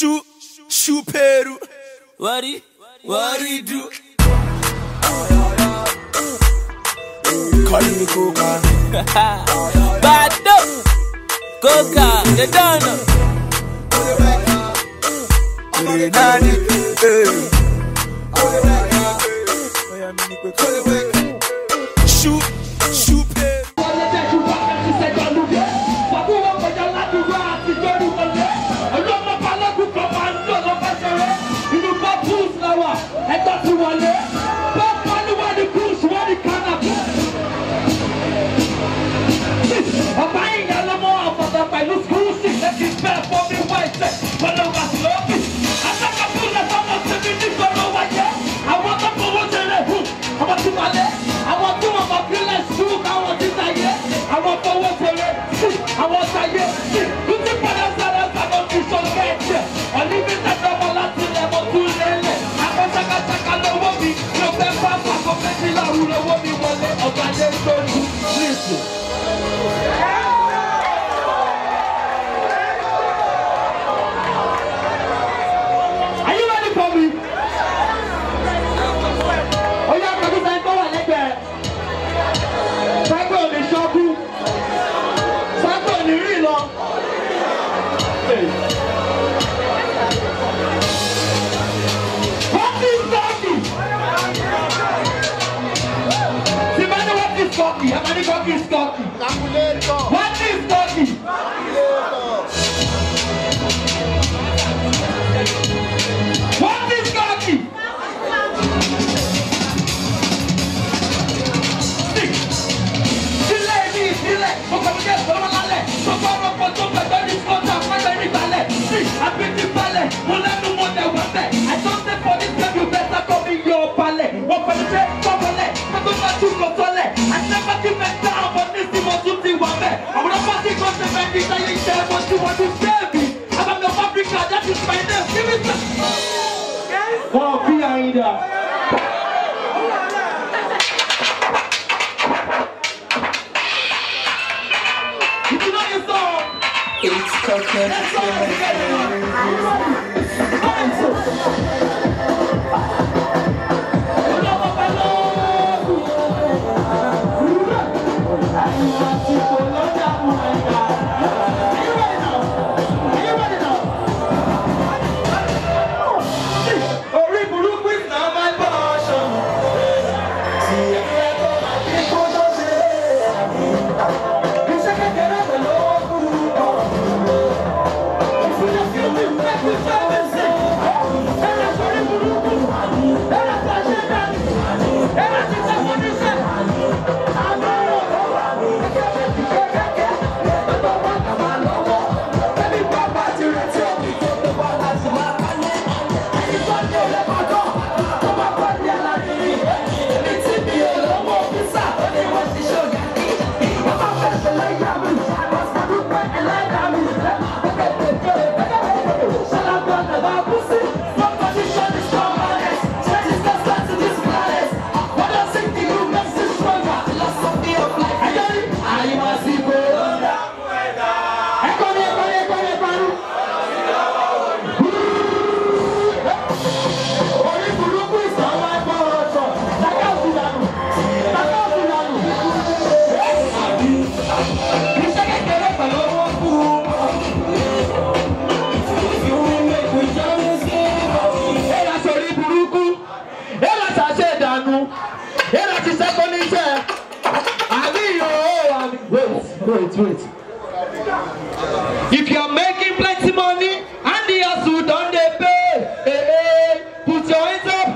Shu, shu Peru. What he, what he do? Calling me Coca. Bad up. Coca, the donor. Renani, eh. Call it back. cocky. a many cocky let cocky? go. 哥。Wait, wait, If you are making plenty money and the Asu don't dey pay, hey, hey, put your hands up.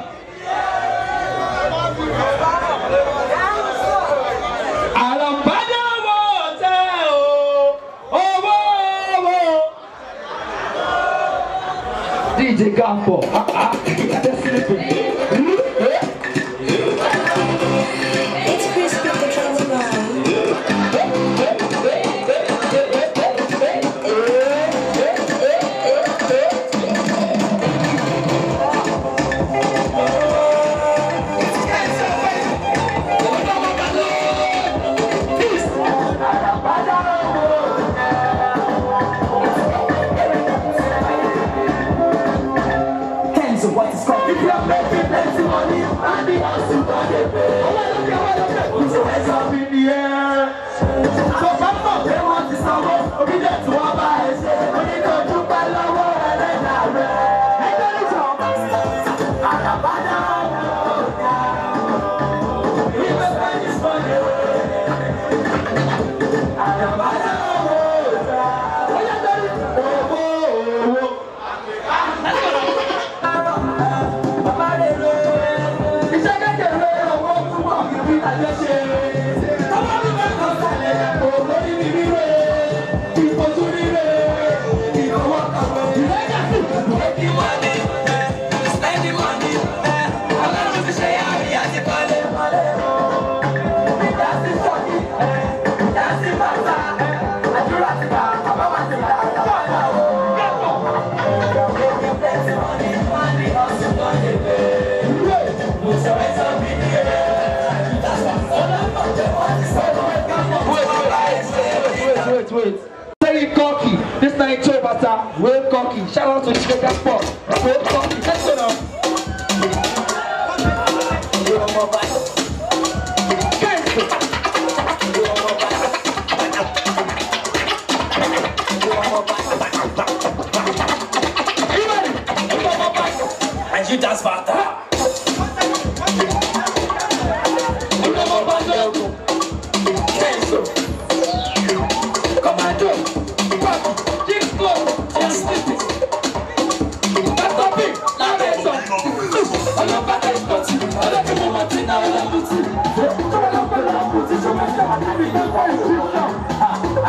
DJ oh, oh, oh, Gafo. Ah, ah, that's it. wait. Terry Corky, this night Joe Bata, Will cocky. Shout out to Chicago Sport. Will cocky. let's go now. Thank you.